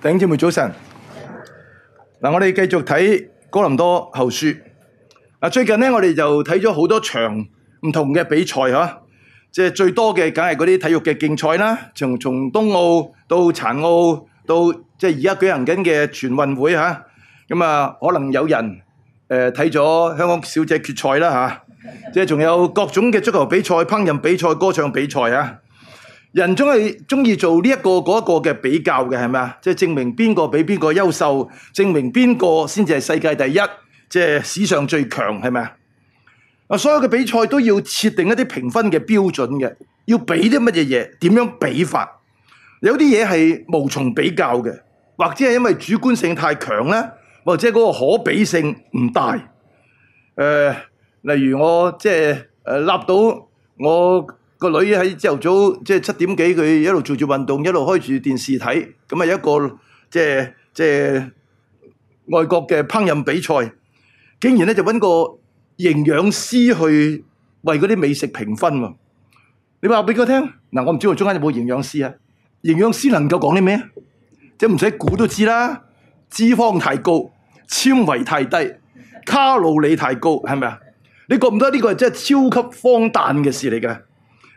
弟兄姐妹早晨，啊、我哋繼續睇哥林多後書、啊。最近呢我哋就睇咗好多場唔同嘅比賽嗬、啊，即係最多嘅梗係嗰啲體育嘅競賽啦。從從東奧到殘奧到即係而家舉行緊嘅全運會吓，咁啊,啊可能有人誒睇咗香港小姐決賽啦吓，即係仲有各種嘅足球比賽、烹飪比賽、歌唱比賽啊。人總係中意做呢一個嗰一個嘅比較嘅，係咪啊？即係證明邊個比邊個優秀，證明邊個先至係世界第一，即係史上最強，係咪啊？所有嘅比賽都要設定一啲評分嘅標準嘅，要俾啲乜嘢嘢，點樣比法？有啲嘢係無從比較嘅，或者係因為主觀性太強咧，或者嗰個可比性唔大。誒，例如我即係誒立到我。個女喺朝早，即係七點幾，佢一路做住運動，一路開住電視睇，咁啊一個即係、呃呃呃、外國嘅烹飪比賽，竟然咧就揾個營養師去為嗰啲美食評分喎。你話俾佢聽，嗱，我唔知喎，中間有冇營養師啊？營養師能夠講啲咩？即係唔使估都知啦，脂肪太高，纖維太低，卡路里太高，係咪啊？你覺唔覺得呢個係係超級荒誕嘅事嚟嘅？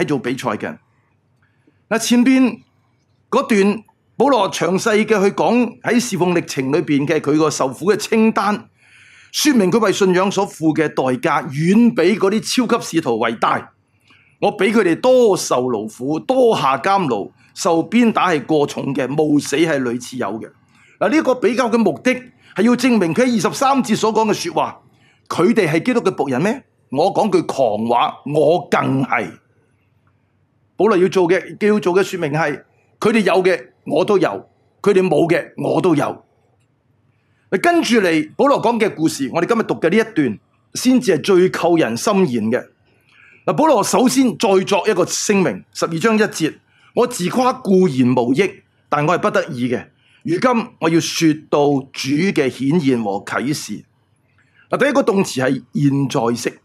喺做比賽嘅嗱，前邊嗰段保羅詳細嘅去講喺侍奉歷程裏邊嘅佢個受苦嘅清單，說明佢為信仰所付嘅代價遠比嗰啲超級使徒為大。我比佢哋多受勞苦，多下監牢，受鞭打係過重嘅，冒死係屢次有嘅。嗱，呢個比較嘅目的係要證明佢喺二十三節所講嘅說的話，佢哋係基督嘅僕人咩？我講句狂話，我更係。保羅要做嘅，要做嘅，說明係佢哋有嘅，我都有；佢哋冇嘅，我都有。跟住嚟保羅講嘅故事，我哋今日讀嘅呢一段，先至係最扣人心弦嘅。嗱，保羅首先再作一個聲明，十二章一節：我自誇固然無益，但我係不得已嘅。如今我要說到主嘅顯現和啟示。嗱，第一個動詞係現在式。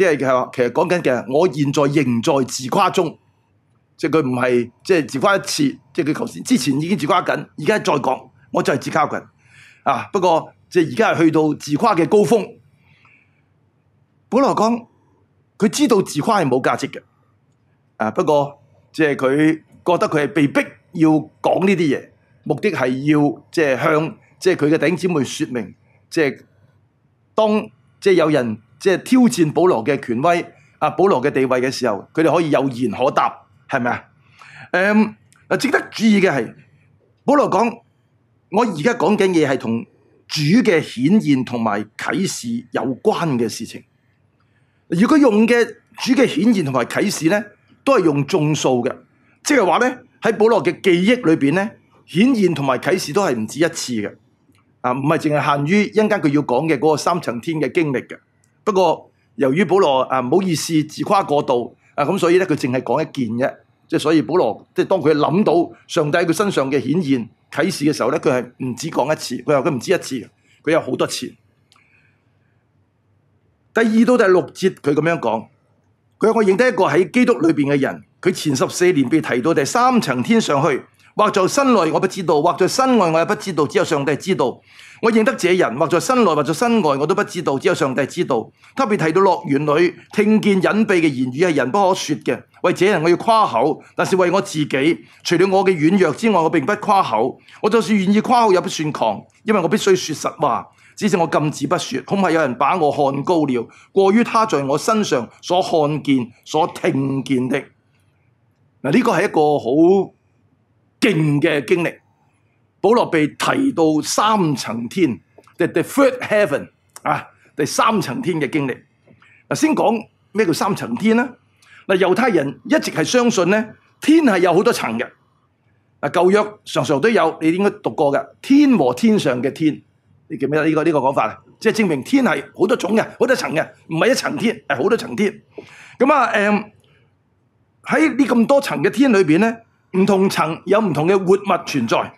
即係其實講緊嘅，我現在仍在自誇中，即係佢唔係即係自誇一次，即係佢頭先之前已經自誇緊，而家再講，我再自誇緊啊。不過即係而家係去到自誇嘅高峰。本來講佢知道自誇係冇價值嘅啊，不過即係佢覺得佢係被逼要講呢啲嘢，目的係要即係向即係佢嘅弟兄姊妹說明，即係當即係有人即係挑戰保羅嘅權威啊，保羅嘅地位嘅時候，佢哋可以有言可答，係咪啊？誒、um,，值得注意嘅係，保羅講我而家講緊嘢係同主嘅顯現同埋啟示有關嘅事情。如果用嘅主嘅顯現同埋啟示咧，都係用眾數嘅，即係話咧喺保羅嘅記憶裏邊咧，顯現同埋啟示都係唔止一次嘅，啊，唔係淨係限於一陣間佢要講嘅嗰個三層天嘅經歷嘅。不過由於保羅啊唔好意思自誇過度啊咁，所以咧佢淨係講一件啫。即係所以保羅即係當佢諗到上帝喺佢身上嘅顯現啟示嘅時候咧，佢係唔止講一次，佢又佢唔止一次，佢有好多次。第二到第六節佢咁樣講，佢話我認得一個喺基督裏邊嘅人，佢前十四年被提到第三層天上去。或在身內我不知道，或在身外我也不知道，只有上帝知道。我認得這人，或在身內，或在身外，我都不知道，只有上帝知道。他被提到樂園裏聽見隱祕嘅言語係人不可說嘅。為這人我要誇口，但是為我自己，除了我嘅軟弱之外，我並不誇口。我就算願意誇口也不算狂，因為我必須說實話。只是我禁止不說，恐怕有人把我看高了，過於他在我身上所看見、所聽見的。嗱，呢個係一個好。勁嘅經歷，保羅被提到三層天，The Third Heaven 啊，第三層天嘅經歷。先講咩叫三層天啦？嗱、啊，猶太人一直係相信咧，天係有好多層嘅。嗱、啊，舊約常常都有，你應該讀過嘅，天和天上嘅天，你記得這個這個、呢叫咩咧？呢個呢個講法啊，即係證明天係好多種嘅，好多層嘅，唔係一層天，係好多層天。咁啊，誒、嗯，喺呢咁多層嘅天裏邊咧。唔同層有唔同嘅活物存在，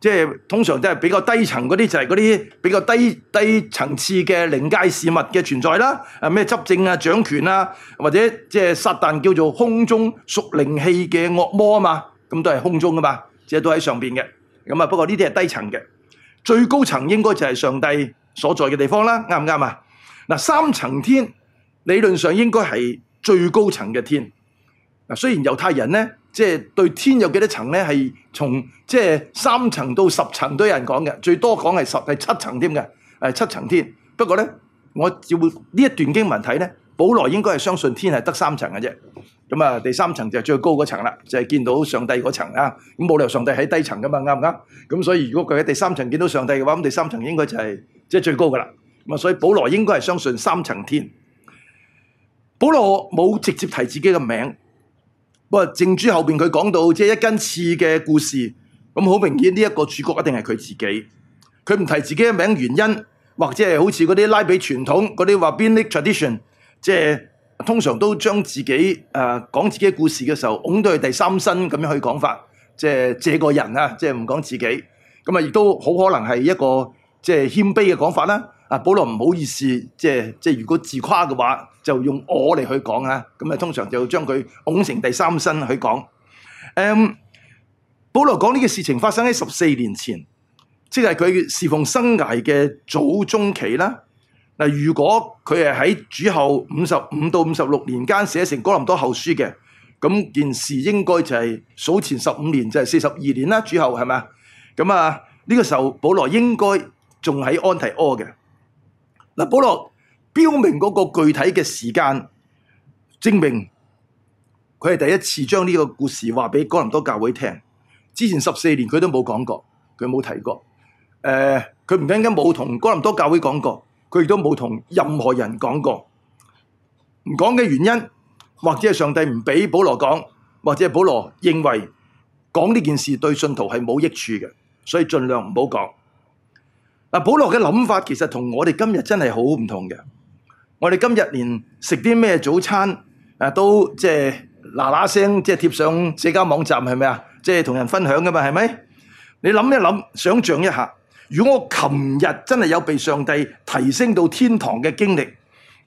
即係通常都係比較低層嗰啲就係嗰啲比較低低層次嘅靈界事物嘅存在啦。咩執政啊、掌權啊，或者即係撒但叫做空中屬靈氣嘅惡魔啊嘛，咁都係空中噶嘛，即係都喺上面嘅。咁啊，不過呢啲係低層嘅，最高層應該就係上帝所在嘅地方啦，啱唔啱啊？嗱，三層天理論上應該係最高層嘅天嗱，雖然猶太人呢。即係對天有幾多層咧？係從即係三層到十層都有人講嘅，最多講係十係七層添嘅，係七層天。不過咧，我照呢一段經文睇咧，保羅應該係相信天係得三層嘅啫。咁啊，第三層就係最高嗰層啦，就係見到上帝嗰層啊。咁冇理由上帝喺低層噶嘛？啱唔啱？咁所以如果佢喺第三層見到上帝嘅話，咁第三層應該就係即係最高噶啦。咁啊，所以保羅應該係相信三層天。保羅冇直接提自己嘅名。不過正主後面佢講到即係一根刺嘅故事，咁好明顯呢一個主角一定係佢自己。佢唔提自己嘅名字原因，或者係好似嗰啲拉比傳統嗰啲話，rabbinic tradition，即係通常都將自己、呃、講講自己嘅故事嘅時候，㧬到去第三身這樣去講法，即、就、係、是、借個人啊，即係唔講自己。咁啊，亦都好可能係一個即係謙卑嘅講法啦。啊，保羅唔好意思，即係即係如果自誇嘅話，就用我嚟去講啊。咁啊，通常就將佢拱成第三身去講。誒、嗯，保羅講呢個事情發生喺十四年前，即係佢侍奉生涯嘅早中期啦。嗱，如果佢係喺主後五十五到五十六年間寫成《哥林多後書》嘅，咁件事應該就係數前十五年，就係四十二年啦。主後係咪？咁啊，呢、這個時候保羅應該仲喺安提阿嘅。嗱，保羅標明那個具體的時間，證明他是第一次將這個故事話給哥林多教會聽。之前十四年他都冇說過，佢冇提過。誒、呃，佢唔單止冇同哥林多教會講過，他也都沒冇同任何人講過。不講的原因，或者係上帝不給保羅講，或者保羅認為講這件事對信徒是沒有益處的，所以盡量不要講。嗱，保羅嘅諗法其實同我哋今日真係好唔同嘅。我哋今日連食啲咩早餐，都即係嗱嗱聲，即係貼上社交網站，係咪啊？即係同人分享噶嘛，係咪？你諗一諗，想象一下，如果我琴日真係有被上帝提升到天堂嘅經歷，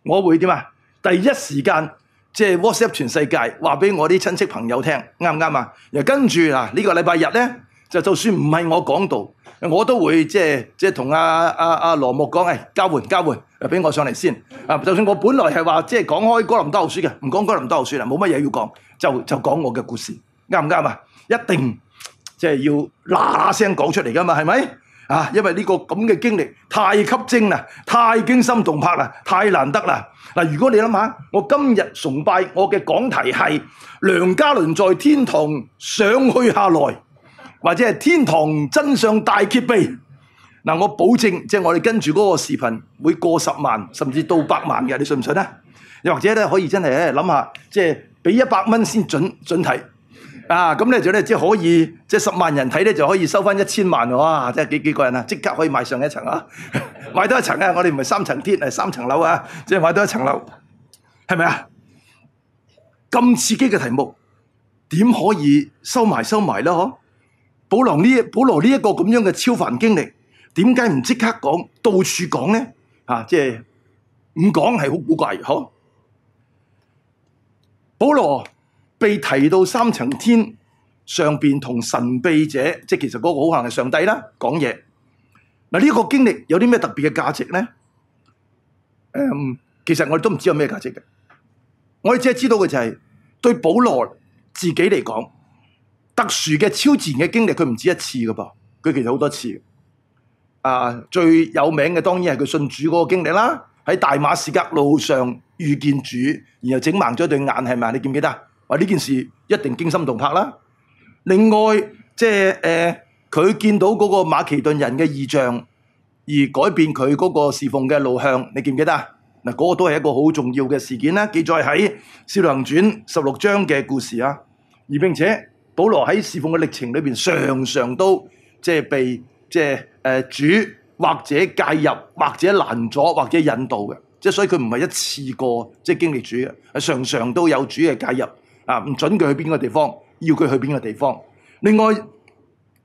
我會點啊？第一時間即係 WhatsApp 全世界，話畀我啲親戚朋友聽，啱唔啱啊？又跟住嗱，呢個禮拜日呢，就就算唔係我講道。我都會即係同阿羅木講，交換交換，誒俾我上嚟先，啊。就算我本來係話即係講開哥林多後書嘅，唔講哥林多後書啦，冇乜嘢要講，就講講我嘅故事，啱唔啱啊？一定即係、就是、要嗱嗱聲講出嚟噶嘛，係咪？啊，因為呢、這個咁嘅經歷太吸睛啦，太驚心動魄啦，太難得啦。嗱、啊，如果你諗下，我今日崇拜我嘅講題係梁家麟在天堂上去下來。或者係天堂真相大揭秘，我保證，即係我哋跟住嗰個視頻會過十萬，甚至到百萬，你信唔信？你或者可以真係咧諗下，即係俾一百蚊先準準睇啊！咁咧就可以，即係十萬人睇就可以收返一千萬哇！即係幾幾個人啊？即刻可以買上一層啊！買多一層啊！我哋唔係三層天係三層樓啊！即係買多一層樓，係咪啊？咁刺激嘅題目點可以收埋收埋啦？保羅呢，保羅呢一個咁樣嘅超凡經歷，點解唔即刻講到處講呢？啊，即係唔講係好古怪的，嗬？保羅被提到三層天上面同神秘者，即係其實嗰個好像運上帝啦，講嘢。嗱、這、呢個經歷有啲咩特別嘅價值呢？誒、嗯，其實我哋都唔知道有咩價值嘅，我哋只知道嘅就係對保羅自己嚟講。特殊嘅超自然嘅經歷，佢唔止一次㗎噃，佢其實好多次。啊，最有名嘅當然係佢信主嗰個經歷啦，喺大馬士革路上遇見主，然後整盲咗對眼，係咪啊？你記唔記得？話呢件事一定驚心動魄啦。另外，即係誒，佢見到嗰個馬其頓人嘅異象而改變佢嗰個侍奉嘅路向，你記唔記得啊？嗱，嗰個都係一個好重要嘅事件啦，記載喺《使徒行傳》十六章嘅故事啊，而並且。保羅喺侍奉嘅歷程裏面，常常都即係被、就是呃、主或者介入，或者攔阻，或者引導嘅。即係所以佢唔係一次過即係、就是、經歷主嘅，常常都有主嘅介入。啊，唔準佢去邊個地方，要佢去邊個地方。另外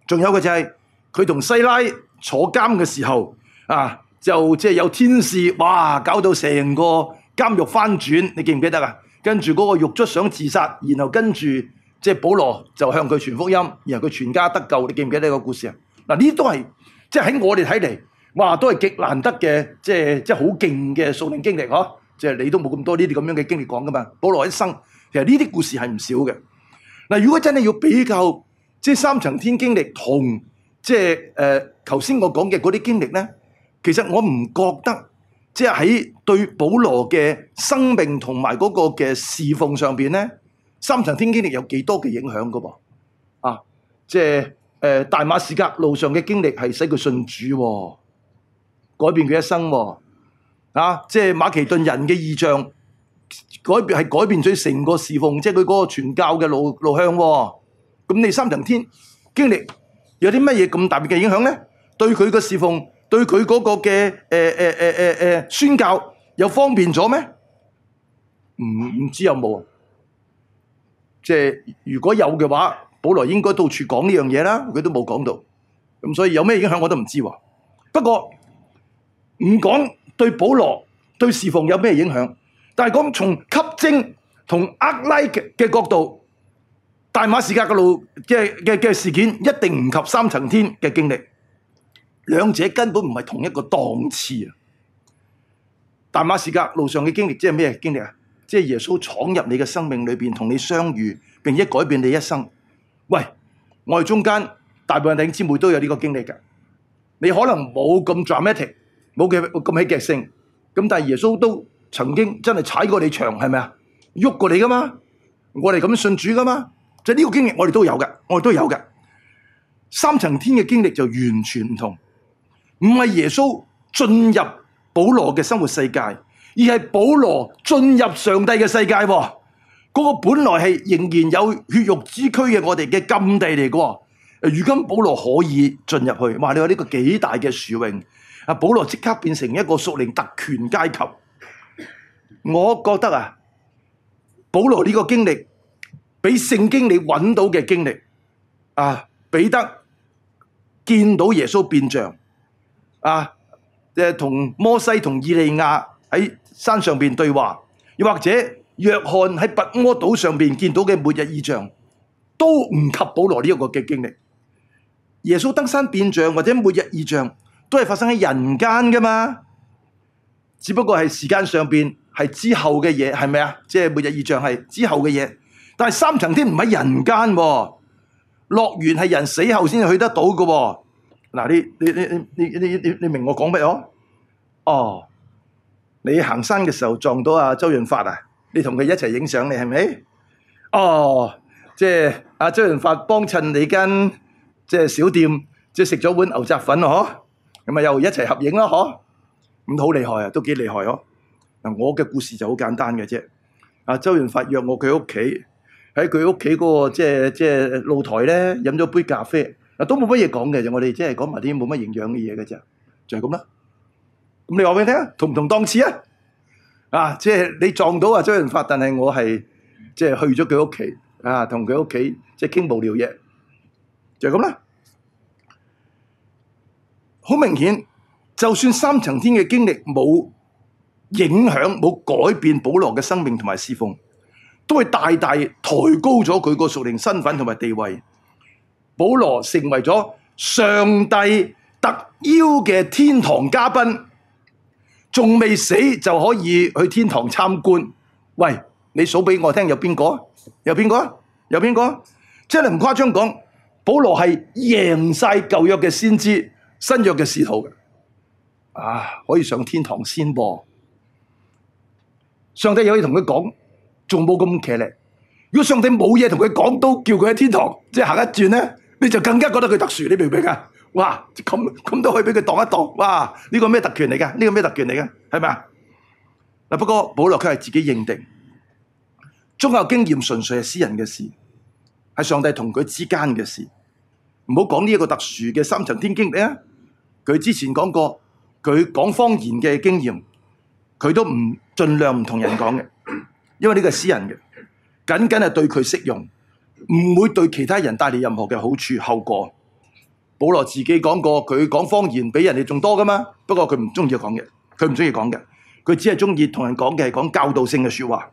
仲有嘅就係佢同西拉坐監嘅時候，啊、就即係有天使，哇，搞到成個監獄翻轉，你記唔記得啊？跟住嗰個獄卒想自殺，然後跟住。即係保羅就向佢傳福音，然後佢全家得救。你記唔記得呢個故事啊？嗱，呢啲都係即係喺我哋睇嚟，話都係極難得嘅，即係即係好勁嘅屬靈經歷嗬。即係你都冇咁多呢啲咁樣嘅經歷講噶嘛。保羅一生其實呢啲故事係唔少嘅。嗱，如果真係要比較，即係三層天經歷同即係誒頭先我講嘅嗰啲經歷咧，其實我唔覺得即係喺對保羅嘅生命同埋嗰個嘅侍奉上邊咧。三層天經歷有幾多嘅影響噶噃？啊，即係誒大馬士革路上嘅經歷係使佢信主、哦，改變佢一生喎、哦。啊，即係馬其頓人嘅異象，改變係改變咗成個侍奉，即係佢嗰個傳教嘅路路向喎、哦。咁你三層天經歷有啲乜嘢咁特別嘅影響咧？對佢嘅侍奉，對佢嗰個嘅誒誒誒誒誒宣教又方便咗咩？唔、嗯、唔知有冇啊？即係如果有嘅話，保羅應該到處講呢樣嘢啦，佢都冇講到，咁所以有咩影響我都唔知喎。不過唔講對保羅對侍奉有咩影響，但係講從吸睛同呃 like 嘅嘅角度，大馬士革嘅路嘅嘅嘅事件一定唔及三層天嘅經歷，兩者根本唔係同一個檔次啊！大馬士革路上嘅經歷即係咩經歷啊？即係耶穌闖入你嘅生命裏邊，同你相遇，並且改變你一生。喂，我哋中間大部分弟兄姊妹都有呢個經歷嘅。你可能冇咁 dramatic，冇咁咁戲劇性。咁但係耶穌都曾經真係踩過你牆，係咪啊？喐過你噶嘛？我哋咁樣信主噶嘛？就呢、是、個經歷我，我哋都有嘅，我哋都有嘅。三層天嘅經歷就完全唔同。唔係耶穌進入保羅嘅生活世界。而係保羅進入上帝嘅世界，嗰個本來係仍然有血肉之軀嘅我哋嘅禁地嚟嘅，如今保羅可以進入去，話你話呢個幾大嘅殊榮啊！保羅即刻變成一個屬靈特權階級。我覺得啊，保羅呢個經歷，比聖經你揾到嘅經歷啊，彼得見到耶穌變像啊，誒，同摩西同以利亞。喺山上邊對話，又或者約翰喺拔摩島上邊見到嘅末日異象，都唔及保羅呢一個嘅經歷。耶穌登山變像或者末日異象都係發生喺人間噶嘛？只不過係時間上邊係之後嘅嘢，係咪啊？即係末日異象係之後嘅嘢，但係三層天唔喺人間，樂園係人死後先去得到噶。嗱，你你你你你你你明我講乜哦？哦。你行山嘅時候撞到阿周潤發呀？你同佢一齊影相，你係咪？哦，即係阿周潤發幫襯你間即係小店，即係食咗碗牛雜粉咯，嗬？咁啊又一齊合影咯，嗬？咁好厲害呀，都幾厲害嗬？我嘅故事就好簡單嘅啫。阿周潤發約我佢屋企，喺佢屋企嗰個即係即係露台呢，飲咗杯咖啡。啊，都冇乜嘢講嘅，就我哋即係講埋啲冇乜營養嘅嘢嘅啫，就係咁啦。咁你話俾佢聽，同唔同檔次啊？啊，即係你撞到啊周潤發，但係我係即係去咗佢屋企啊，同佢屋企即係傾無聊嘢，就係咁啦。好明顯，就算三層天嘅經歷冇影響、冇改變保羅嘅生命同埋侍奉，都會大大抬高咗佢個屬靈身份同埋地位。保羅成為咗上帝特邀嘅天堂嘉賓。仲未死就可以去天堂參觀？喂，你數俾我聽有邊個？有邊個？有邊個？真係唔誇張講，保羅係贏晒舊約嘅先知、新約嘅使徒。啊可以上天堂先噃？上帝可以同佢講，仲冇咁騎力。如果上帝冇嘢同佢講，都叫佢喺天堂即行一轉呢，你就更加覺得佢特殊，你明唔明啊？哇！咁咁都可以俾佢擋一擋，哇！呢個咩特權嚟㗎？呢個咩特權嚟㗎？係咪啊？嗱，不過保羅佢係自己認定，宗教經驗純粹係私人嘅事，係上帝同佢之間嘅事，唔好講呢一個特殊嘅三層天經歷啊！佢之前講過，佢講方言嘅經驗，佢都唔盡量唔同人講嘅，因為呢個是私人嘅，僅僅係對佢適用，唔會對其他人帶嚟任何嘅好處後果。保羅自己講過，佢講方言比人哋仲多噶嘛。不過佢唔鍾意講嘢，佢唔鍾意講嘅，佢只是鍾意同人講嘅係講教導性嘅說話，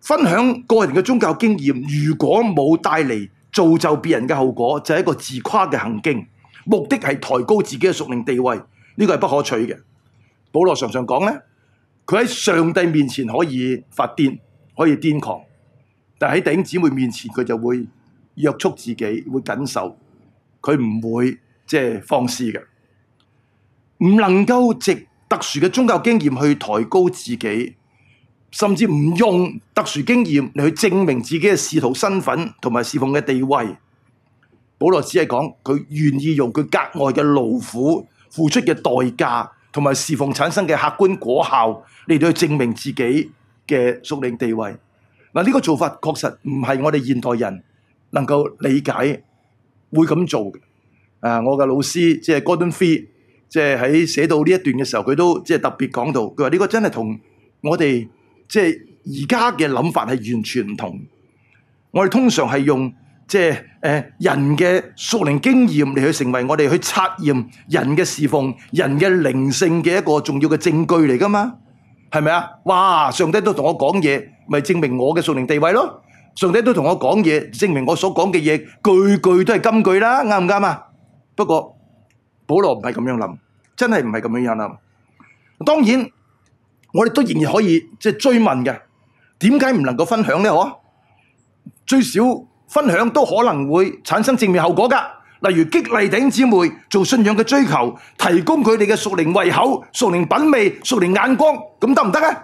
分享個人嘅宗教經驗。如果冇帶嚟造就別人嘅後果，就係、是、一個自誇嘅行徑，目的係抬高自己嘅屬靈地位，呢個係不可取嘅。保羅常常講咧，佢喺上帝面前可以發癲，可以癲狂，但喺弟兄姊妹面前佢就會約束自己，會謹守。佢唔會即係放肆嘅，唔能夠藉特殊嘅宗教經驗去抬高自己，甚至唔用特殊經驗嚟去證明自己嘅仕途身份同埋侍奉嘅地位。保羅只係講佢願意用佢格外嘅勞苦付出嘅代價，同埋侍奉產生嘅客觀果效嚟到去證明自己嘅屬靈地位。嗱，呢個做法確實唔係我哋現代人能夠理解。會咁做嘅，啊！我嘅老師即係 Gordon Fee，即係喺寫到呢一段嘅時候，佢都即係特別講到，佢話呢個真係同我哋即係而家嘅諗法係完全唔同。我哋通常係用即係誒人嘅屬靈經驗嚟去成為我哋去測驗人嘅侍奉、人嘅靈性嘅一個重要嘅證據嚟㗎嘛，係咪啊？哇！上帝都同我講嘢，咪證明我嘅屬靈地位咯～上帝都同我講嘢，證明我所講嘅嘢句句都係金句啦，啱唔啱啊？不過，保羅唔係咁樣諗，真係唔係咁樣諗。當然，我哋都仍然可以即係追問嘅，點解唔能夠分享呢？可最少分享都可能會產生正面效果㗎，例如激勵弟兄姊妹做信仰嘅追求，提供佢哋嘅屬靈胃口、屬靈品味、屬靈眼光，咁得唔得咧？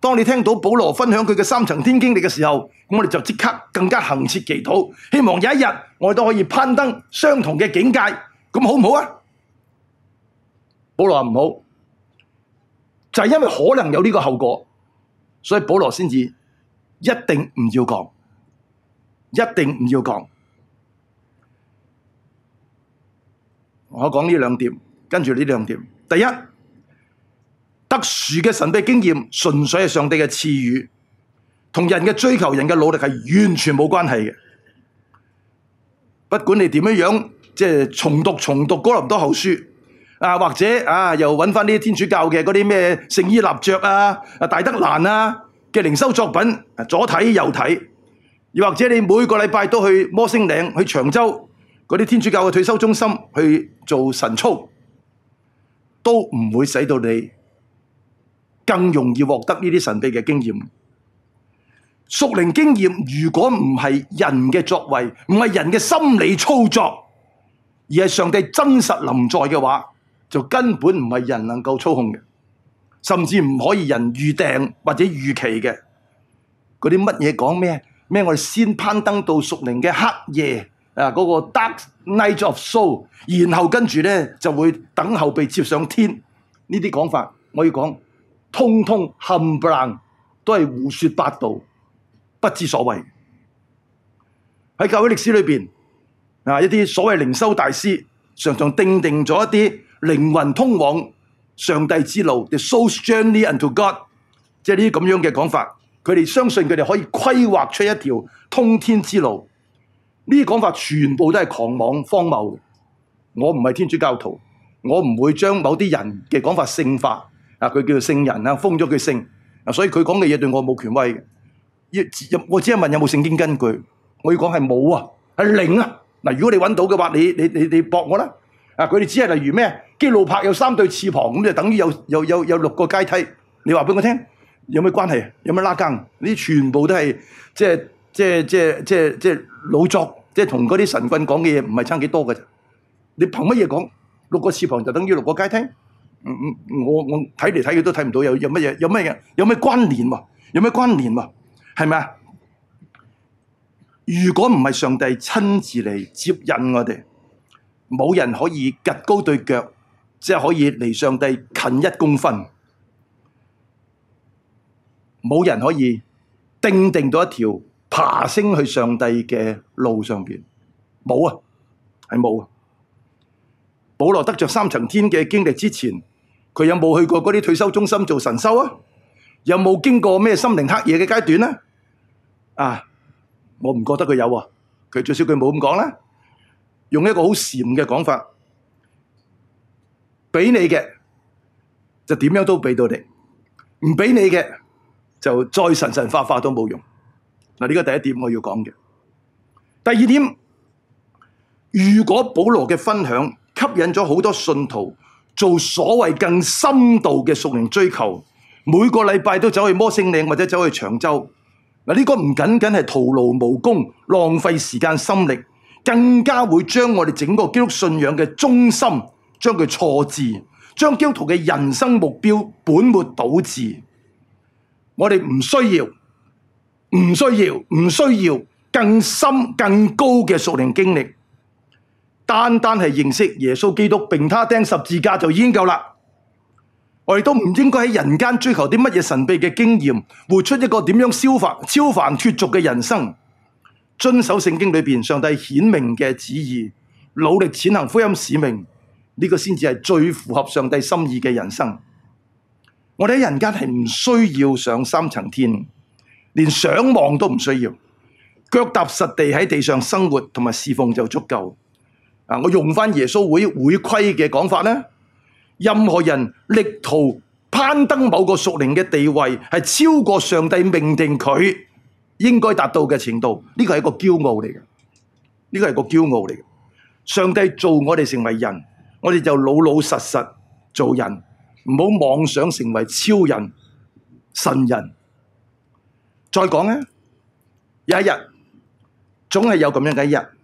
當你聽到保羅分享佢嘅三層天經歷嘅時候，咁我哋就即刻更加懇切祈禱，希望有一日我哋都可以攀登相同嘅境界，咁好唔好啊？保羅話唔好，就係、是、因為可能有呢個後果，所以保羅先至一定唔要講，一定唔要講。我講呢兩點，跟住呢兩點，第一。特殊嘅神秘經驗，純粹係上帝嘅賜予，同人嘅追求、人嘅努力係完全冇關係嘅。不管你點樣即係重讀重讀《哥林多後書》啊，啊或者啊又揾翻啲天主教嘅嗰啲咩聖依納爵啊，啊、大德蘭啊嘅靈修作品，左睇右睇，又或者你每個禮拜都去摩星嶺、去長洲嗰啲天主教嘅退休中心去做神操，都唔會使到你，更容易獲得呢啲神秘嘅經驗。屬靈經驗如果唔係人嘅作為，唔係人嘅心理操作，而係上帝真實臨在嘅話，就根本唔係人能夠操控嘅，甚至唔可以人預定或者預期嘅嗰啲乜嘢講咩咩？我哋先攀登到屬靈嘅黑夜啊，嗰個 dark night of soul，然後跟住咧就會等候被接上天。呢啲講法，我要講。通通冚唪唥都係胡說八道，不知所謂。喺教會歷史裏面，一啲所謂靈修大師，常常定定咗一啲靈魂通往上帝之路，the soul's journey unto God，即係呢啲咁樣嘅講法。佢哋相信佢哋可以規劃出一條通天之路。呢啲講法全部都係狂妄荒謬嘅。我唔係天主教徒，我唔會將某啲人嘅講法聖化。啊！佢叫做聖人，封咗佢聖。所以佢講嘅嘢對我冇權威，我只係問有冇有聖經根據。我要講係冇啊，係零啊。如果你揾到嘅話，你你你你駁我啦。啊，佢哋只係例如咩？基路伯有三對翅膀，咁就等於有有有有六個階梯。你話俾我聽，有咩關係？有咩拉更？呢啲全部都係即係即係即係即係老作，即係同嗰啲神棍講嘅嘢唔係差幾多嘅。你憑乜嘢講六個翅膀就等於六個階梯？我我睇嚟睇去都睇唔到有有乜嘢，有乜嘢，有咩關聯喎啊？有咩關聯喎啊？係咪？如果唔係上帝親自嚟接引我哋，冇人可以趌高對腳，即係可以離上帝近一公分。冇人可以定定到一條爬升去上帝嘅路上邊，冇啊，係冇啊。保羅得着三層天嘅經歷之前，佢有冇去過嗰啲退休中心做神修啊？有冇經過咩心靈黑夜嘅階段啊，我唔覺得佢有啊。佢最少佢冇咁講啦。用一個好禪嘅講法，俾你嘅就點樣都俾到你，唔俾你嘅就再神神化化都冇用。嗱，呢個第一點我要講嘅。第二點，如果保羅嘅分享，吸引咗好多信徒做所謂更深度嘅屬靈追求，每個禮拜都走去摩星嶺或者走去長洲。嗱，呢個唔僅僅係徒勞無功，浪費時間心力，更加會將我哋整個基督信仰嘅中心將佢錯置，將基督徒嘅人生目標本末倒置。我哋唔需要，唔需要，唔需要更深更高嘅屬靈經歷。單單係認識耶穌基督，並他釘十字架就已經夠啦。我哋都唔應該喺人間追求啲乜嘢神秘嘅經驗，活出一個點樣超凡超凡脫俗嘅人生，遵守聖經裏邊上帝顯明嘅旨意，努力踐行福音使命，呢、呢個先至係最符合上帝心意嘅人生。我哋喺人間係唔需要上三層天，連想望都唔需要，腳踏實地喺地上生活同埋侍奉就足夠。我用翻耶穌會會規嘅講法呢，任何人力圖攀登某個屬靈嘅地位，係超過上帝命定佢應該達到嘅程度，呢個係一個驕傲嚟嘅，呢個係一個驕傲嚟嘅。上帝做我哋成為人，我哋就老老實實做人，唔好妄想成為超人、神人。再講呢，有一日，總係有咁樣嘅一日。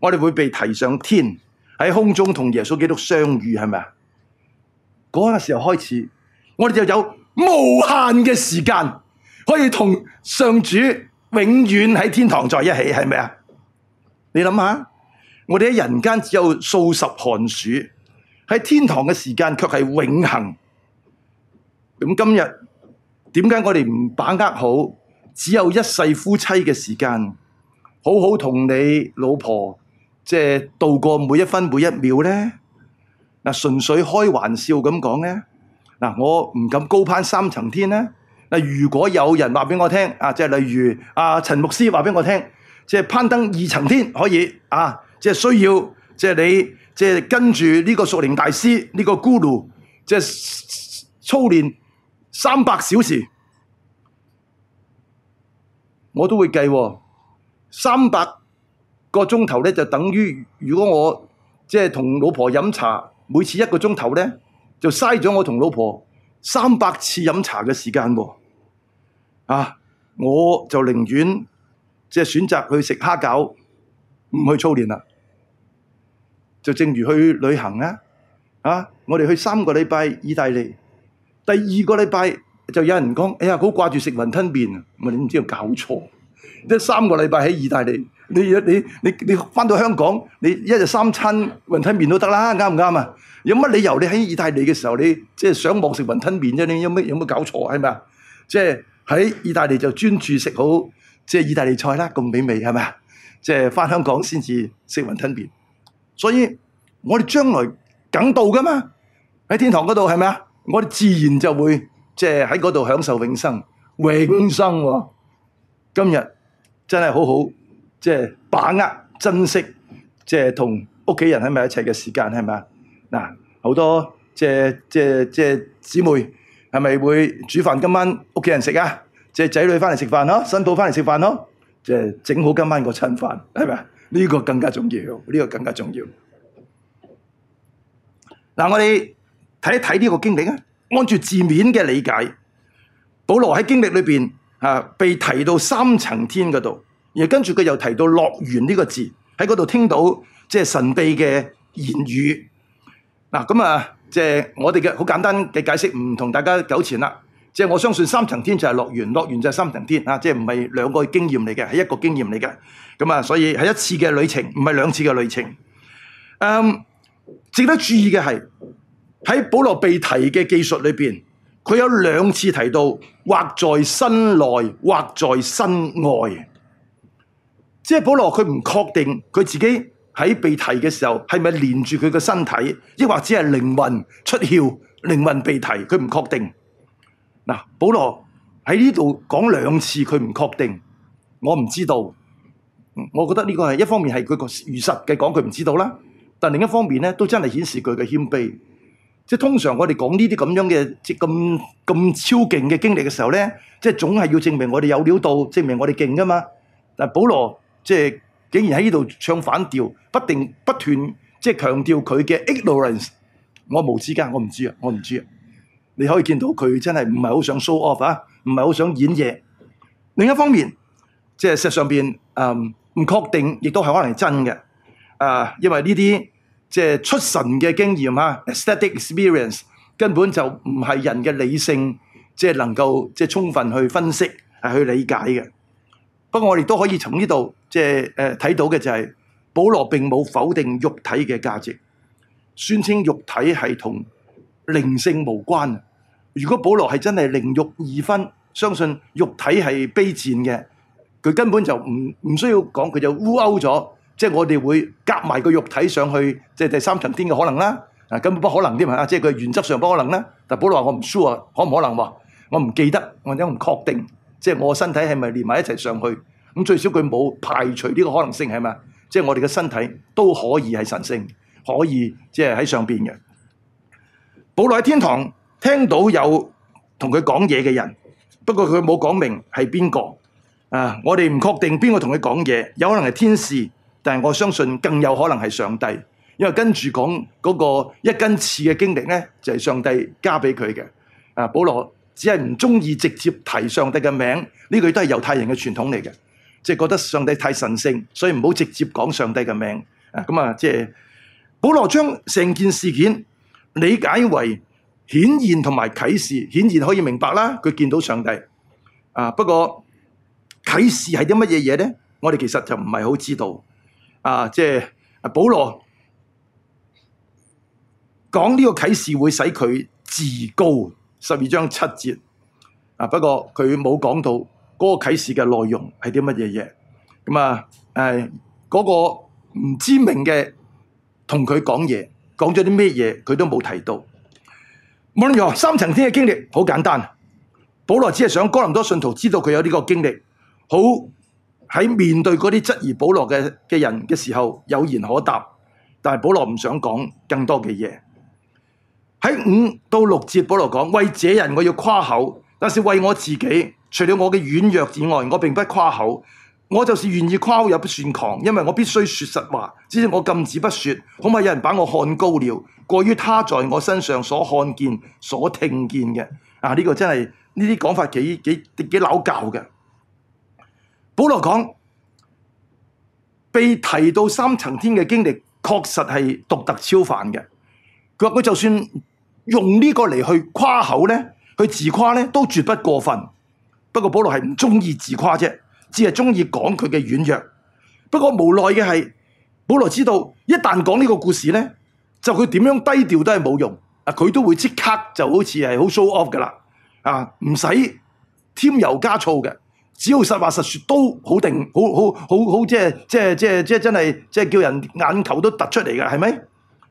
我哋會被提上天，喺空中同耶穌基督相遇，係咪？嗰個時候開始，我哋就有無限嘅時間可以同上主永遠喺天堂在一起，係咪？你諗下，我哋喺人間只有數十寒暑，喺天堂嘅時間卻係永恒。咁今日點解我哋唔把握好只有一世夫妻嘅時間，好好同你老婆？即係度過每一分每一秒咧，嗱，純粹開玩笑咁講咧，嗱，我唔敢高攀三層天呢，嗱，如果有人話畀我聽，啊即係例如阿陳牧師話畀我聽，即係攀登二層天可以，啊即係需要即係你即係跟住呢個熟靈大師呢，這個咕嚕，即係操練三百小時，我都會計喎三百。個鐘頭呢，就等於如果我即係同老婆飲茶，每次一個鐘頭呢，就嘥咗我同老婆三百次飲茶嘅時間喎，啊，啊，我就寧願即係選擇去食蝦餃，唔去操練啦。就正如去旅行啊，啊，我哋去三個禮拜意大利，第二個禮拜就有人講：哎呀，好掛住食雲吞麵啊！我哋唔知有搞錯，即三個禮拜喺意大利。你你你你翻到香港，你一日三餐雲吞麵都得啦，啱唔啱啊？有乜理由你喺意大利嘅時候，你即係想望食雲吞麵啫？你有乜有乜搞錯啊？係咪啊？即係喺意大利就專注食好即係意大利菜啦，咁美味係咪啊？即係翻香港先至食雲吞麵。所以我哋將來梗到㗎嘛？喺天堂嗰度係咪啊？我哋自然就會即係喺嗰度享受永生，永生喎。今日真係好好。即係把握、珍惜，即係同屋企人喺埋一齊嘅時間，係咪啊？嗱，好多即係即係即係姊妹，係咪會煮飯今晚屋企人食啊？即係仔女翻嚟食飯咯，新抱翻嚟食飯咯，即係整好今晚個餐飯，係咪啊？呢個更加重要，呢個更加重要。嗱，我哋睇一睇呢個經歷啊。按住字面嘅理解，保羅喺經歷裏邊啊，被提到三層天嗰度。然後跟住佢又提到樂園呢個字，喺嗰度聽到即係、就是、神秘嘅言語。嗱咁啊，即係、就是、我哋嘅好簡單嘅解釋，唔同大家糾纏啦。即、就、係、是、我相信三層天就係樂園，樂園就係三層天啊，即係唔係兩個經驗嚟嘅，係一個經驗嚟嘅咁啊。所以係一次嘅旅程，唔係兩次嘅旅程。嗯，值得注意嘅係喺保羅被提嘅記述裏面，佢有兩次提到或在身內，或在身外。即係保羅，佢唔確定佢自己喺被提嘅時候係咪連住佢嘅身體，抑或只係靈魂出竅、靈魂被提？佢唔確定。嗱、啊，保羅喺呢度講兩次，佢唔確定，我唔知道。我覺得呢個係一方面係佢個如實嘅講，佢唔知道啦。但另一方面咧，都真係顯示佢嘅謙卑。即係通常我哋講呢啲咁樣嘅、即係咁咁超勁嘅經歷嘅時候咧，即係總係要證明我哋有料到，證明我哋勁㗎嘛。但保羅。即係竟然喺呢度唱反調，不定不斷即係強調佢嘅 ignorance，我無知㗎，我唔知啊，我唔知啊。你可以見到佢真係唔係好想 show off 啊，唔係好想演嘢。另一方面，即係事實上邊，嗯，唔確定，亦都係可能係真嘅。啊，因為呢啲即係出神嘅經驗啊，aesthetic experience 根本就唔係人嘅理性即係能夠即係充分去分析係去理解嘅。不過我哋都可以從呢度。即係睇、呃、到嘅就係、是，保羅並冇否定肉體嘅價值，宣稱肉體係同靈性無關。如果保羅係真係靈肉二分，相信肉體係卑賤嘅，佢根本就唔唔需要講，佢就烏鈎咗。即係我哋會夾埋個肉體上去，即、就、係、是、第三層天嘅可能啦。啊，根本不可能添啊！即係佢原則上不可能啦。但保羅話：我唔 sure 啊可唔可能喎，我唔記得，我唔確定，即係我身體係咪連埋一齊上去？最少佢冇排除呢個可能性係咪？即係我哋嘅身體都可以係神聖，可以即係喺上面嘅。保羅喺天堂聽到有同佢講嘢嘅人，不過佢冇講明係邊個。啊，我哋唔確定邊個同佢講嘢，有可能係天使，但係我相信更有可能係上帝，因為跟住講嗰個一根刺嘅經歷呢，就係上帝加畀佢嘅。啊，保羅只係唔鍾意直接提上帝嘅名，呢句都係猶太人嘅傳統嚟嘅。即係覺得上帝太神聖，所以唔好直接講上帝嘅名。啊，咁啊，即係保羅將成件事件理解為顯現同埋啟示，顯然可以明白啦，佢見到上帝。啊，不過啟示係啲乜嘢嘢咧？我哋其實就唔係好知道。啊，即係啊，保羅講呢個啟示會使佢自高，十二章七節。啊，不過佢冇講到。嗰個啟示嘅內容係啲乜嘢嘢？咁啊，誒、呃，嗰、那個唔知名嘅同佢講嘢，講咗啲咩嘢，佢都冇提到。無論如何，三層天嘅經歷好簡單。保羅只係想哥林多信徒知道佢有呢個經歷，好喺面對嗰啲質疑保羅嘅嘅人嘅時候有言可答，但係保羅唔想講更多嘅嘢。喺五到六節，保羅講，為這人我要誇口，但是為我自己。除了我嘅軟弱以外，我並不誇口。我就是願意誇口也不算狂，因為我必須說實話。只是我禁止不說，恐怕有人把我看高了。過於他在我身上所看見、所聽見嘅啊，呢、呢個真係呢啲講法幾幾幾拗教嘅。保羅講被提到三層天嘅經歷，確實係獨特超凡嘅。佢話佢就算用呢個嚟，去誇口呢，去自誇呢，都絕不過分。不過保羅係唔鍾意自誇啫，只係鍾意講佢嘅軟弱。不過無奈嘅係保羅知道一旦講呢個故事呢，就佢點樣低調都係冇用。佢都會即刻就好似係好 show off 㗎喇，啊，唔使添油加醋嘅，只要實話實說都好定，好好好好即係即係真係即係叫人眼球都突出嚟㗎，係咪？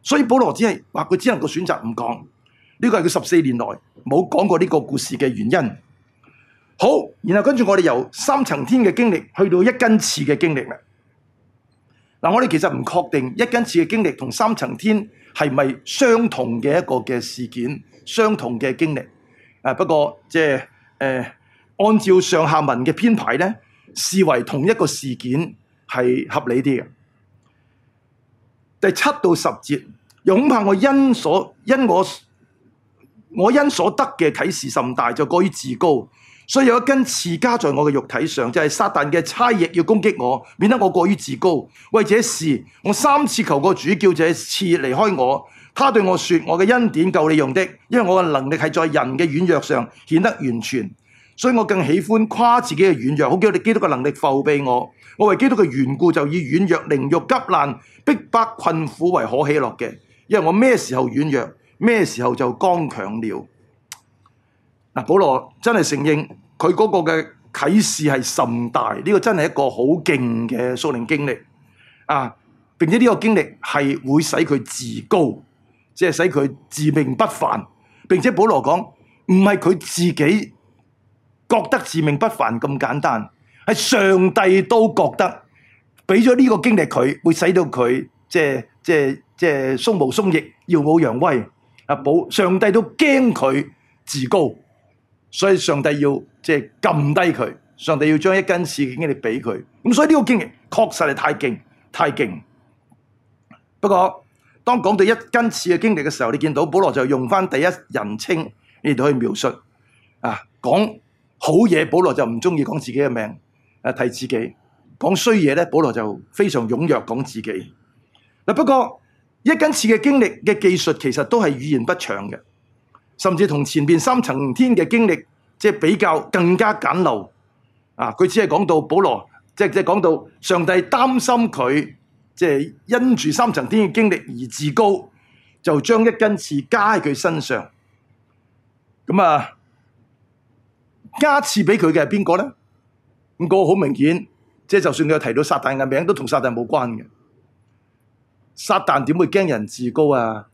所以保羅只係話佢只能夠選擇唔講，呢個係佢十四年來冇講過呢個故事嘅原因。好，然後跟住我哋由三層天嘅經歷去到一根刺嘅經歷啦。嗱，嗯，我哋其實唔確定一根刺嘅經歷同三層天係咪相同嘅一個嘅事件，相同嘅經歷？啊，不過即係誒，按照上下文嘅編排咧，視為同一個事件係合理啲嘅。第七到十節，又恐怕我因所因我我因所得嘅啟示甚大，就過於自高，所以有一根刺加在我嘅肉體上，就係、是、撒旦嘅差役要攻擊我，免得我過於自高。為這事，我三次求過主，叫這刺離開我。他對我說：我嘅恩典夠你用的，因為我嘅能力係在人嘅軟弱上顯得完全。所以我更喜歡誇自己嘅軟弱，好叫你基督嘅能力覆庇我。我為基督嘅緣故，就以軟弱、凌辱、急難、逼迫、困苦為可喜樂嘅，因為我咩時候軟弱，咩時候就剛強了。嗱，保羅真係承認。佢嗰個嘅啟示係甚大，呢個真係一個好勁嘅蘇寧經歷啊！並且呢個經歷係會使佢自高，即係使佢自命不凡。並且保羅講，唔係佢自己覺得自命不凡咁簡單，係上帝都覺得畀咗呢個經歷佢，會使到佢即係即係即係鬆毛鬆翼、耀武揚威。啊，保上帝都驚佢自高。所以上帝要即係撳低佢，上帝要將一根刺的經歷畀佢。咁，所以呢個經歷確實係太勁太勁。不過當講到一根刺的經歷的時候，你見到保羅就用翻第一人稱，你就可以描述啊，講好嘢，保羅就唔鍾意講自己的名，啊，提自己講衰嘢，保羅就非常踊躍講自己。不過一根刺的經歷的技術其實都係語言不詳嘅。甚至同前面三層天嘅經歷即係比較更加簡陋佢、啊、只係講到保羅，即係即係講到上帝擔心佢即係因住三層天嘅經歷而自高，就將一根刺加喺佢身上。咁啊，加刺俾佢嘅係邊個咧？咁個好明顯，即係就算佢有提到撒旦嘅名，都同撒旦冇關嘅。撒旦點會驚人自高呀、啊？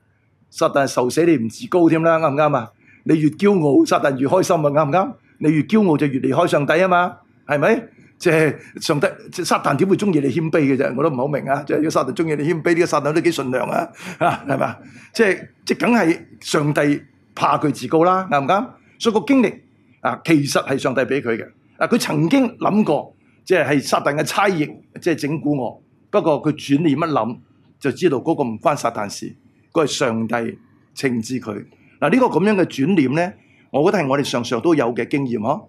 撒旦受死你唔自高添啦，啱唔啱啊？你越驕傲，撒旦越開心啊，啱唔啱？你越驕傲就越離開上帝啊嘛，係咪？即係上帝，撒但，點會中意你謙卑嘅啫？我都唔好明啊！即係如果撒旦中意你謙卑，呢個撒旦都幾善良啊，啊係嘛？即係即係梗係上帝怕佢自高啦，啱唔啱？所以個經歷啊，其實係上帝俾佢嘅。他佢曾經諗過，即係撒旦嘅差役，即係整蠱我。不過佢轉念一諗就知道嗰個唔關撒旦事。應該係上帝懲治佢。嗱，呢個咁樣嘅轉念咧，我覺得係我哋常常都有嘅經驗呵。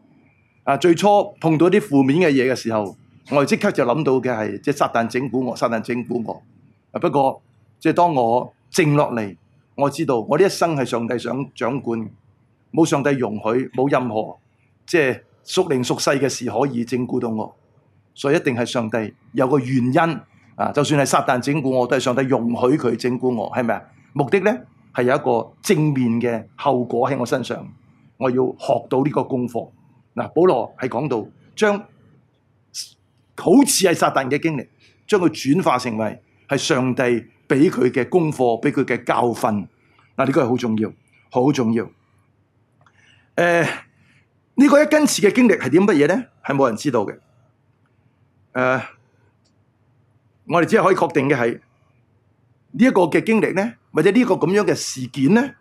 啊，最初碰到啲負面嘅嘢嘅時候，我哋即刻就諗到嘅係即係撒旦整蠱我，撒旦整蠱我。不過即係當我靜落嚟，我知道我呢一生係上帝想掌管，冇上帝容許，冇任何即係屬靈屬世嘅事可以整蠱到我，所以一定係上帝有個原因啊。就算係撒旦整蠱我，都係上帝容許佢整蠱我，係咪啊？目的咧，係有一個正面嘅後果喺我身上，我要學到呢個功課。嗱，保羅係講到將好似係撒旦嘅經歷，將佢轉化成為係上帝俾佢嘅功課，俾佢嘅教訓。嗱，呢個係好重要，好重要。誒，呢個一根刺嘅經歷係點乜嘢咧？係冇人知道嘅。誒，我哋只係可以確定嘅係呢一個嘅經歷咧。或者呢個咁樣嘅事件呢，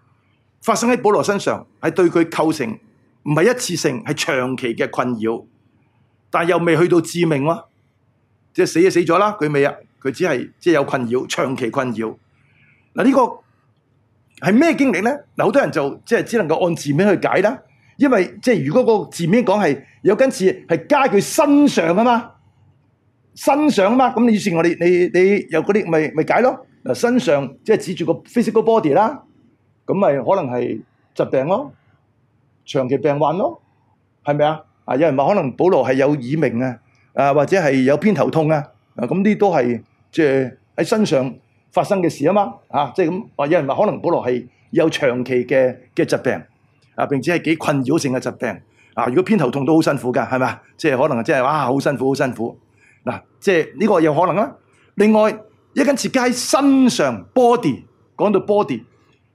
發生喺保羅身上，係對佢構成唔係一次性，係長期嘅困擾。但又未去到致命喎，啊，即係死就死咗啦，佢未啊，佢只係即係有困擾，長期困擾。嗱，這，呢個係咩經歷呢？好多人就即係只能夠按字面去解啦。因為即係如果個字面講係有根刺係加佢身上啊嘛，身上嘛，咁你意思，我哋你你有嗰啲咪解咯。身上即係指住個 physical body 啦，咁咪可能係疾病咯，長期病患咯，係咪啊？啊，有人話可能保羅係有耳鳴啊，啊或者係有偏頭痛啊，啊咁呢都係即係喺身上發生嘅事啊嘛，啊，啊即係咁話，有人話可能保羅係有長期嘅嘅疾病，啊並且係幾困擾性嘅疾病，啊如果偏頭痛都好辛苦㗎，係咪啊？即係可能即係哇好辛苦好辛苦，嗱即係呢個有可能啦。另外，一根刺喺身上，body 講到 body，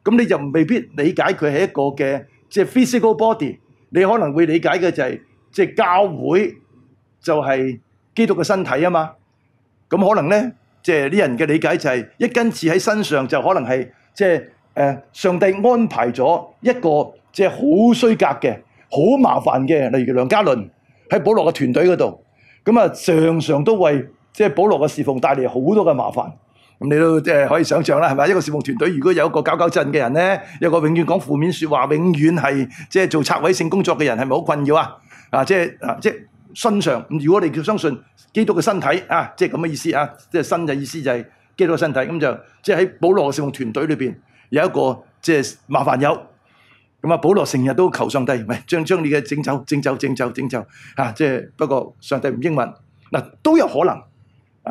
咁你就未必理解佢係一個嘅即係 physical body。你可能會理解嘅就係即係教會就係基督嘅身體啊嘛。咁可能咧，即係啲人嘅理解就係一根刺喺身上就可能係即係誒上帝安排咗一個即係好衰格嘅、好麻煩嘅，例如梁家麟喺保羅嘅團隊嗰度，咁啊常常都為，即係保羅嘅侍奉帶嚟好多嘅麻煩，咁你都即係可以想象啦，係咪？一個侍奉團隊如果有一個搞搞震嘅人咧，有個永遠講負面説話、永遠係即係做拆毀性工作嘅人，係咪好困擾啊？啊，即係啊，即係身上。如果你叫相信基督嘅身體啊，即係咁嘅意思啊，即係新嘅意思就係基督嘅身體。咁就即係喺保羅嘅侍奉團隊裏邊有一個即係麻煩友。咁啊，保羅成日都求上帝，唔係將將你嘅整走、整走、整走、整走嚇。即係不過上帝唔應允嗱、啊，都有可能。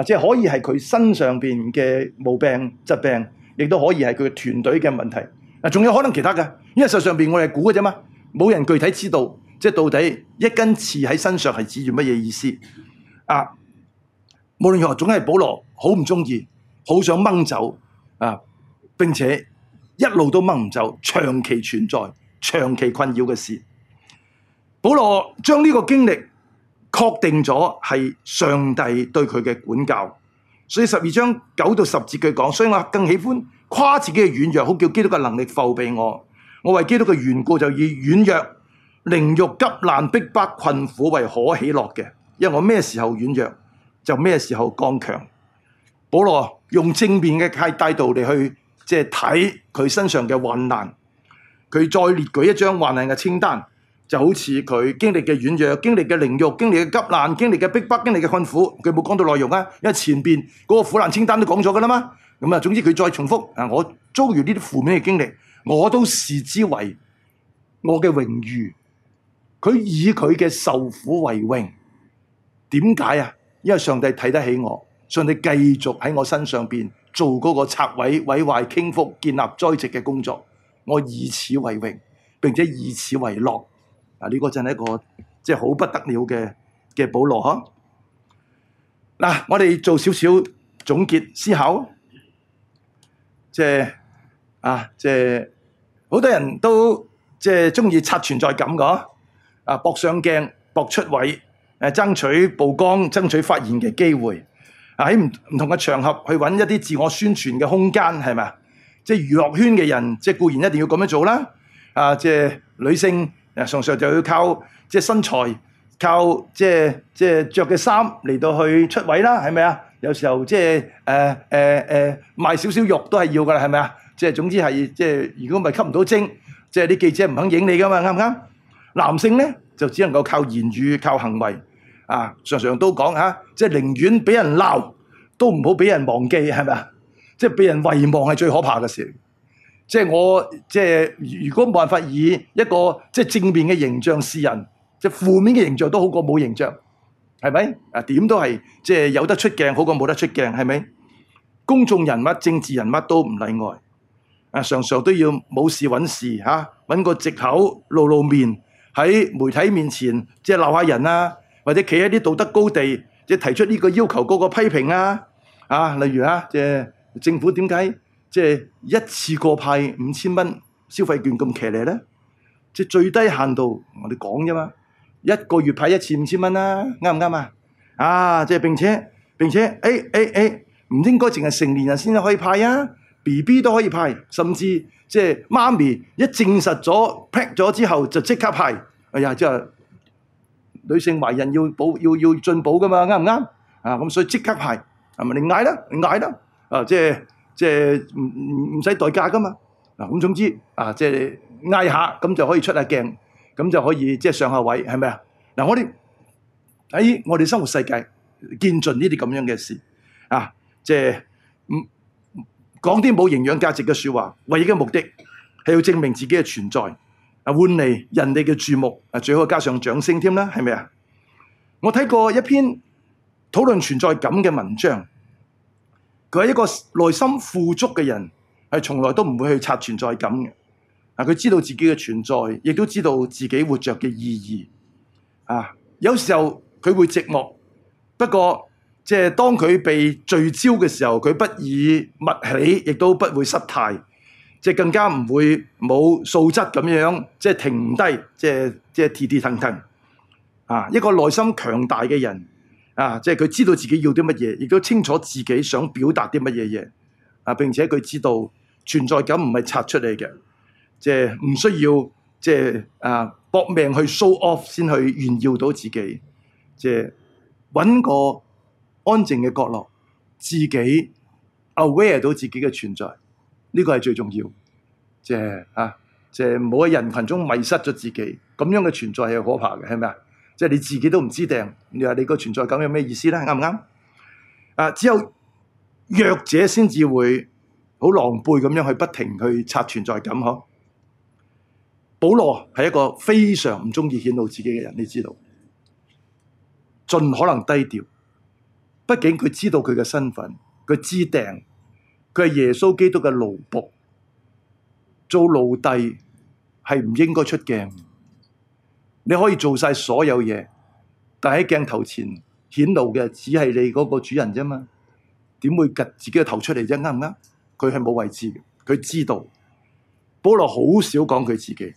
即係可以係佢身上邊嘅毛病、疾病，亦都可以是他佢團隊嘅問題。嗱，仲有可能其他嘅，因為事實上邊我哋係估嘅啫嘛，冇人具體知道，即係到底一根刺喺身上係指住乜嘢意思啊？無論如何總是羅，總係保羅好唔中意，好想掹走啊，並且一路都掹唔走，長期存在、長期困擾嘅事。保羅將呢個經歷。確定咗係上帝對佢嘅管教，所以十二章九到十節佢講，所以我更喜歡誇自己嘅軟弱，好叫基督嘅能力覆庇我。我為基督嘅緣故就以軟弱凌、凌辱、急難、逼迫、困苦為可喜樂嘅，因為我咩時候軟弱就咩時候剛強。保羅用正面嘅態度嚟去即係睇佢身上嘅患難，佢再列舉一張患難嘅清單。就好似佢經歷嘅軟弱，經歷嘅凌辱，經歷嘅急難，經歷嘅逼迫，經歷嘅困苦，佢冇講到內容啊！因為前面嗰個苦難清單都講咗㗎喇嘛。咁啊，總之佢再重複我遭遇呢啲負面嘅經歷，我都視之為我嘅榮譽。佢以佢嘅受苦為榮，點解啊？因為上帝睇得起我，上帝繼續喺我身上面做嗰個拆毀、毀壞、傾覆、建立、栽植嘅工作，我以此為榮，並且以此為樂。啊、這呢個真係一個好不得了嘅保羅、啊、我哋做少少總結思考，啊，好多人都鍾意刷存在感嘅啊，博上鏡、博出位，爭、啊、爭取曝光、爭取發言嘅機會，啊、在喺唔同嘅場合去揾一啲自我宣傳嘅空間，係咪啊？即係娛樂圈嘅人，即固然一定要咁樣做啦！啊，即係女性。常常就要靠身材，靠着係嘅衫嚟到去出位啦，係咪啊？有時候即係、呃呃、賣少少肉都係要㗎啦，係咪啊？總之係如果唔係吸唔到精，即係啲記者唔肯影你㗎嘛，啱唔啱？男性呢，就只能夠靠言語、靠行為啊，常常都講嚇、啊，即係寧願俾人鬧，都唔好俾人忘記，係咪啊？即係被人遺忘係最可怕嘅事。即係我即係如果冇辦法以一個即係正面嘅形象示人，即係負面嘅形象都好過冇形象，係咪？啊，點都係即係有得出鏡好過冇得出鏡，係咪？公眾人物、政治人物都唔例外，啊，常常都要冇事揾事吓，揾個藉口露露面喺媒體面前，即係鬧下人啦，或者企喺啲道德高地，即係提出呢個要求嗰個批評啊啊，例如啊，即係政府點解？即係一次過派五千蚊消費券咁騎呢？咧即係最低限度我哋講啫嘛，一個月派一次五千蚊啦，啱唔啱啊？啊，即係並且並且誒誒誒，唔應該淨係成年人先可以派啊，BB 都可以派，甚至即係媽咪一證實咗 pack 咗之後就即刻派。哎呀，即係女性懷孕要保要要進補噶嘛，啱唔啱啊？咁所以即刻派，係咪？你嗌啦，你嗌啦，啊，即係。即係唔唔唔使代價㗎嘛嗱，咁、啊、總之啊，即嗌下咁就可以出下鏡，就可以上下位，係咪啊？嗱，在我哋喺我哋生活世界見盡呢啲咁樣嘅事啊，即係、嗯、講啲冇營養價值嘅説話，唯一嘅目的係要證明自己嘅存在，啊換嚟人哋嘅注目啊，最好加上掌聲添啦，係咪啊？我睇過一篇討論存在感嘅文章。佢係一個內心富足嘅人，係從來都唔會去刷存在感嘅。佢、啊、知道自己嘅存在，亦都知道自己活着嘅意義。啊，有時候佢會寂寞，不過即係、就是、當佢被聚焦嘅時候，佢不以物喜，亦都不會失態，即、就、係、是、更加唔會冇素質咁樣，即、就、係、是、停唔低，即係即係跌跌騰騰。啊，一個內心強大嘅人。啊！即係佢知道自己要啲乜嘢，亦都清楚自己想表達啲乜嘢嘢。啊！並且佢知道存在感唔係刷出嚟嘅，即係唔需要即係啊搏命去 show off 先去炫耀到自己。即係揾個安靜嘅角落，自己 aware 到自己嘅存在，呢個係最重要。即係啊！即係唔好喺人群中迷失咗自己，咁樣嘅存在係可怕嘅，係咪啊？即係你自己都唔知掟，你話你個存在感有咩意思咧？啱唔啱？啊，只有弱者先至會好狼狽咁樣去不停去刷存在感呵。保羅係一個非常唔中意顯露自己嘅人，你知道，盡可能低調。畢竟佢知道佢嘅身份，佢知掟，佢係耶穌基督嘅奴僕，做奴隸係唔應該出鏡。你可以做晒所有嘢，但係喺鏡頭前顯露嘅只係你嗰個主人啫嘛？點會及自己嘅頭出嚟啫？啱唔啱？佢係冇位置嘅。佢知道保羅好少講佢自己，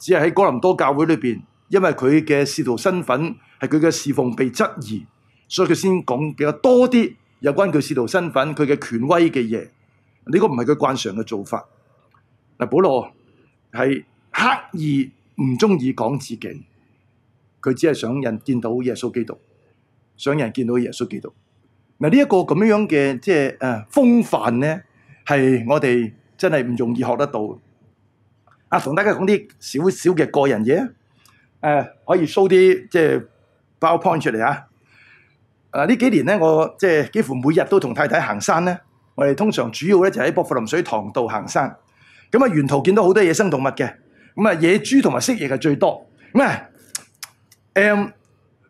只係喺哥林多教會裏邊，因為佢嘅使徒身份係佢嘅侍奉被質疑，所以佢先講比較多啲有關佢使徒身份、佢嘅權威嘅嘢。呢個唔係佢慣常嘅做法。嗱，保羅係刻意，唔中意講自己，佢只是想人見到耶穌基督，想人見到耶穌基督。嗱、就是啊、呢個咁樣嘅風範咧，是我哋真的唔容易學得到的。阿、啊、同大家講啲少少嘅個人嘢、啊，可以 show 啲即包 point 出嚟啊！呢、啊、幾年呢，我即、就是、幾乎每日都同太太行山呢，我哋通常主要咧就喺波佛林水塘道行山，咁啊沿途見到好多野生動物嘅。野豬同埋蜥蜴係最多。嗯、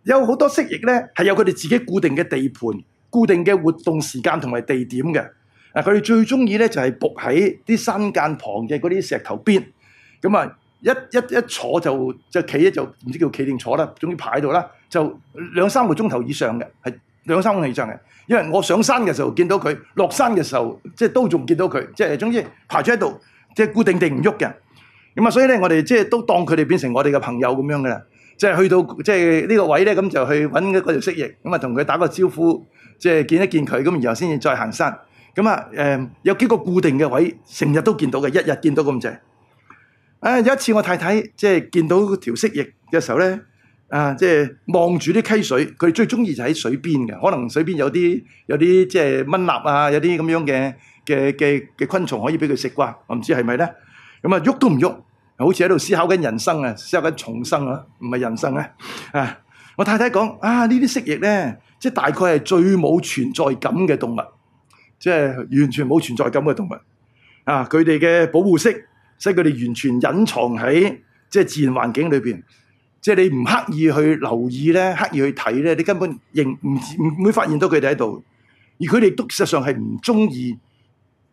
有好多蜥蜴呢，係有佢哋自己固定嘅地盤、固定嘅活動時間同埋地點嘅。啊，佢哋最鍾意呢，就係伏喺啲山澗旁嘅嗰啲石頭邊。咁啊，一一一坐就即係企咧就唔知叫企定坐啦，總之排喺度啦，就兩三個鐘頭以上嘅，係兩三個鐘頭以上嘅。因為我上山嘅時候見到佢，落山嘅時候即係都仲見到佢，即係總之排住喺度，即係固定地唔喐嘅。咁啊，所以咧，我哋即係都當佢哋變成我哋嘅朋友咁樣噶啦，即係去到即係呢個位咧，咁就去揾嗰條蜥蜴，咁啊，同佢打個招呼，即係見一見佢，咁然後先至再行山。咁啊，誒有幾個固定嘅位，成日都見到嘅，一日見到咁多。啊，有一次我太太即係見到條蜥蜴嘅時候咧，啊，即係望住啲溪水，佢最中意就喺水邊嘅，可能水邊有啲有啲即係蚊蠅啊，有啲咁樣嘅嘅嘅嘅昆蟲可以俾佢食啩，我唔知係咪咧。咁喐都唔喐，好似喺度思考緊人生啊，思考緊重生啊，唔係人生啊！我太太講：啊，呢啲蜥蜴呢，即大概係最冇存在感嘅動物，即完全冇存在感嘅動物。啊，佢哋嘅保護色，使佢哋完全隱藏喺自然環境裏面。即係你唔刻意去留意呢，刻意去睇呢，你根本認唔唔會發現到佢哋喺度。而佢哋都實際上係唔鍾意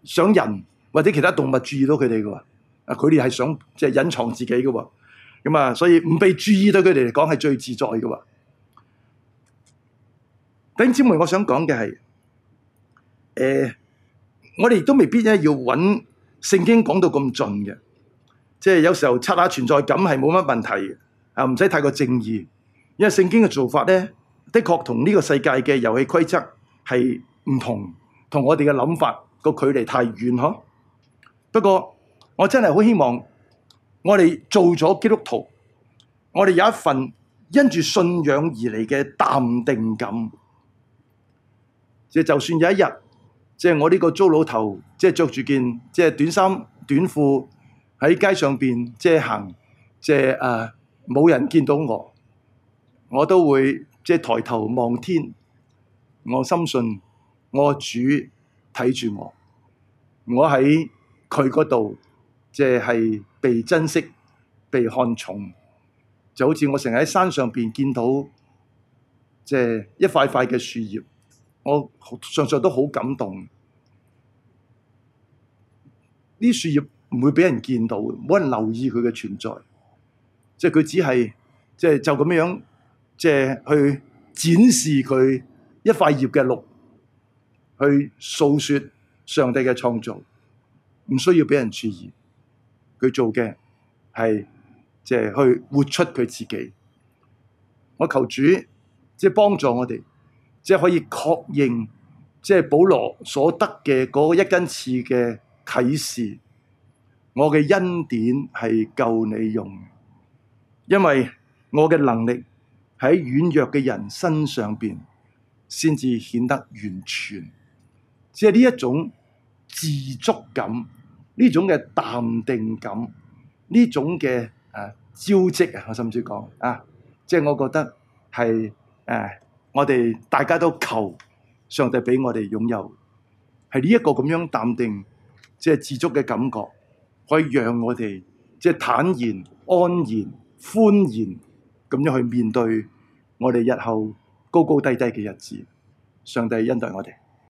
想人或者其他動物注意到佢哋嘅佢哋係想即係隱藏自己噶，咁啊，所以唔被注意，對佢哋嚟講係最自在噶弟兄姊妹，我想講嘅係，誒，我哋都未必咧，要揾聖經講到咁盡嘅，即係有時候刷下存在感係冇乜問題，啊，唔使太過正義，因為聖經嘅做法咧，的確同呢個世界嘅遊戲規則係唔同，同我哋嘅諗法個距離太遠嗬。不過，我真係好希望，我哋做咗基督徒，我哋有一份因住信仰而嚟嘅淡定感。就算有一日，即係我呢個糟老頭，即係着住件即係短衫短褲喺街上邊即係行，即係啊冇人見到我，我都會即係抬頭望天，我深信我主睇住我，我喺佢嗰度。即係被珍惜、被看重，就好似我成日喺山上邊見到，即係一塊塊嘅樹葉，我常常都好感動。呢樹葉唔會俾人見到，冇人留意佢嘅存在，即係佢只係即係就咁樣，即係去展示佢一塊葉嘅綠，去訴説上帝嘅創造，唔需要俾人注意。佢做嘅係即係去活出佢自己。我求主即係、就是、幫助我哋，即、就、係、是、可以確認，即、就、係、是、保羅所得嘅嗰、那個、一根刺嘅啟示，我嘅恩典係夠你用。因為我嘅能力喺軟弱嘅人身上邊，先至顯得完全。即係呢一種自足感。呢種嘅淡定感，呢種嘅誒招積啊，我甚至講啊，即係我覺得係誒，我哋大家都求上帝俾我哋擁有，係呢一個咁樣淡定，即係自足嘅感覺可以讓我哋即係坦然、安然、歡然咁樣去面對我哋日後高高低低嘅日子。上帝恩待我哋。